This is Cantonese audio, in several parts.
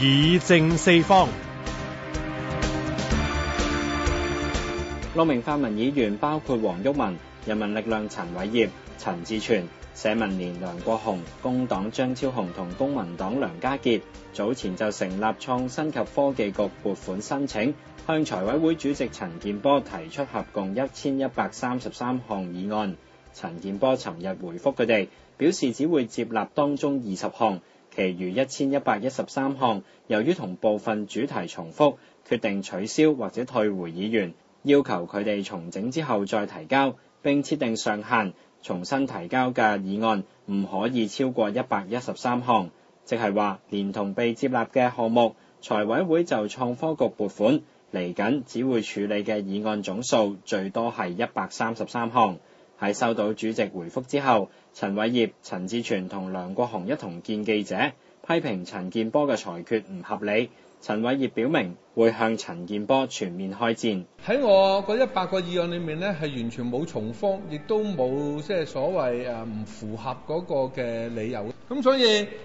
議政四方。六名泛民議員，包括黃毓民、人民力量陳偉業、陳志全、社民連梁國雄、工黨張超雄同公民黨梁家傑早前就成立創新及科技局撥款申請向財委會主席陳健波提出合共一千一百三十三項議案。陳健波尋日回覆，佢哋表示只會接納當中二十項。其餘一千一百一十三項，由於同部分主題重複，決定取消或者退回議員，要求佢哋重整之後再提交，並設定上限，重新提交嘅議案唔可以超過一百一十三項，即係話連同被接納嘅項目，財委會就創科局撥款，嚟緊只會處理嘅議案總數最多係一百三十三項。喺收到主席回覆之後，陳偉業、陳志全同梁國雄一同見記者，批評陳健波嘅裁決唔合理。陳偉業表明會向陳健波全面開戰。喺我嗰一百個議案裏面呢，係完全冇重複，亦都冇即係所謂誒唔符合嗰個嘅理由。咁所以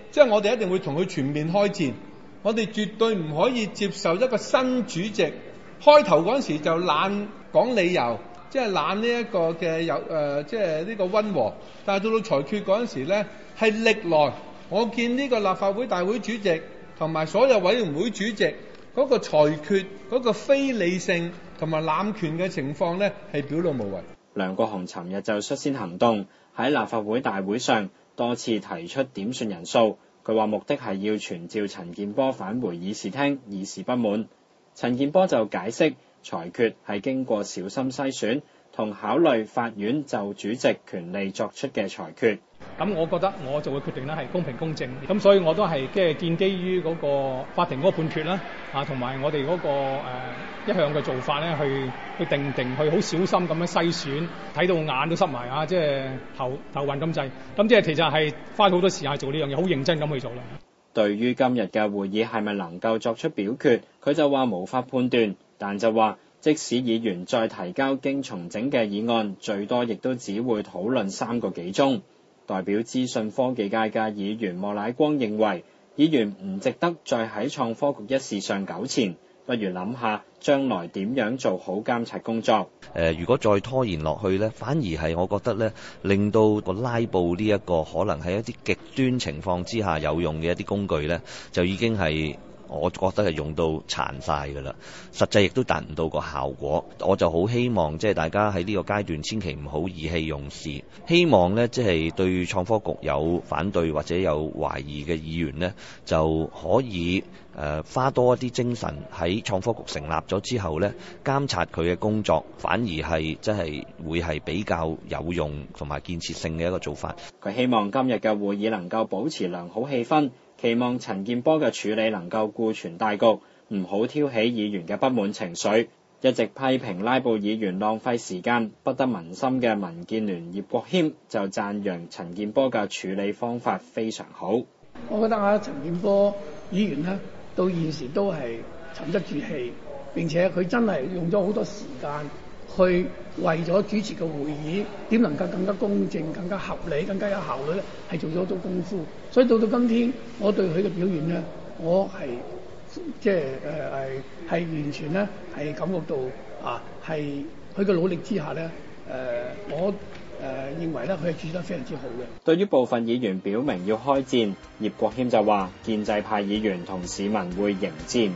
即係、就是、我哋一定會同佢全面開戰，我哋絕對唔可以接受一個新主席開頭嗰陣時候就懶講理由。即係攬呢一個嘅有誒，即係呢個溫和，但係到到裁決嗰陣時咧，係歷來我見呢個立法會大會主席同埋所有委員會主席嗰個裁決嗰個非理性同埋濫權嘅情況咧，係表露無遺。梁國雄尋日就率先行動，喺立法會大會上多次提出點算人數，佢話目的係要傳召陳健波返回議事廳，以示不滿。陳健波就解釋。裁決係經過小心篩選同考慮，法院就主席權力作出嘅裁決。咁我覺得我做嘅決定咧係公平公正。咁所以我都係即係建基於嗰個法庭嗰個判決啦，啊同埋我哋嗰、嗰個誒、啊、一向嘅做法咧，去去定定去好小心咁樣篩選，睇到眼都濕埋啊，即係頭頭暈，咁滯咁即係其實係花好多時間做呢樣嘢，好認真咁去做啦。對於今日嘅會議係咪能夠作出表決，佢就話無法判斷，但就話即使議員再提交經重整嘅議案，最多亦都只會討論三個幾鐘。代表資訊科技界嘅議員莫乃光認為，議員唔值得再喺創科局一事上糾纏。不如諗下將來點樣做好監察工作？誒，如果再拖延落去咧，反而係我覺得咧，令到個拉布呢一個可能係一啲極端情況之下有用嘅一啲工具咧，就已經係。我覺得係用到殘晒㗎啦，實際亦都達唔到個效果。我就好希望即係大家喺呢個階段千祈唔好意氣用事。希望呢，即係對創科局有反對或者有懷疑嘅議員呢，就可以誒花多一啲精神喺創科局成立咗之後呢，監察佢嘅工作，反而係真係會係比較有用同埋建設性嘅一個做法。佢希望今日嘅會議能夠保持良好氣氛。期望陳健波嘅處理能夠顧全大局，唔好挑起議員嘅不滿情緒。一直批評拉布議員浪費時間、不得民心嘅民建聯葉國謙就讚揚陳健波嘅處理方法非常好。我覺得啊，陳健波議員呢到現時都係沉得住氣，並且佢真係用咗好多時間。佢為咗主持個會議，點能夠更加公正、更加合理、更加有效率咧？係做咗好多功夫，所以到到今天，我對佢嘅表現咧，我係即係誒誒係完全咧係感覺到啊，係佢嘅努力之下咧，誒、呃、我誒、呃、認為咧佢係主持得非常之好嘅。對於部分議員表明要開戰，葉國謙就話：建制派議員同市民會迎戰。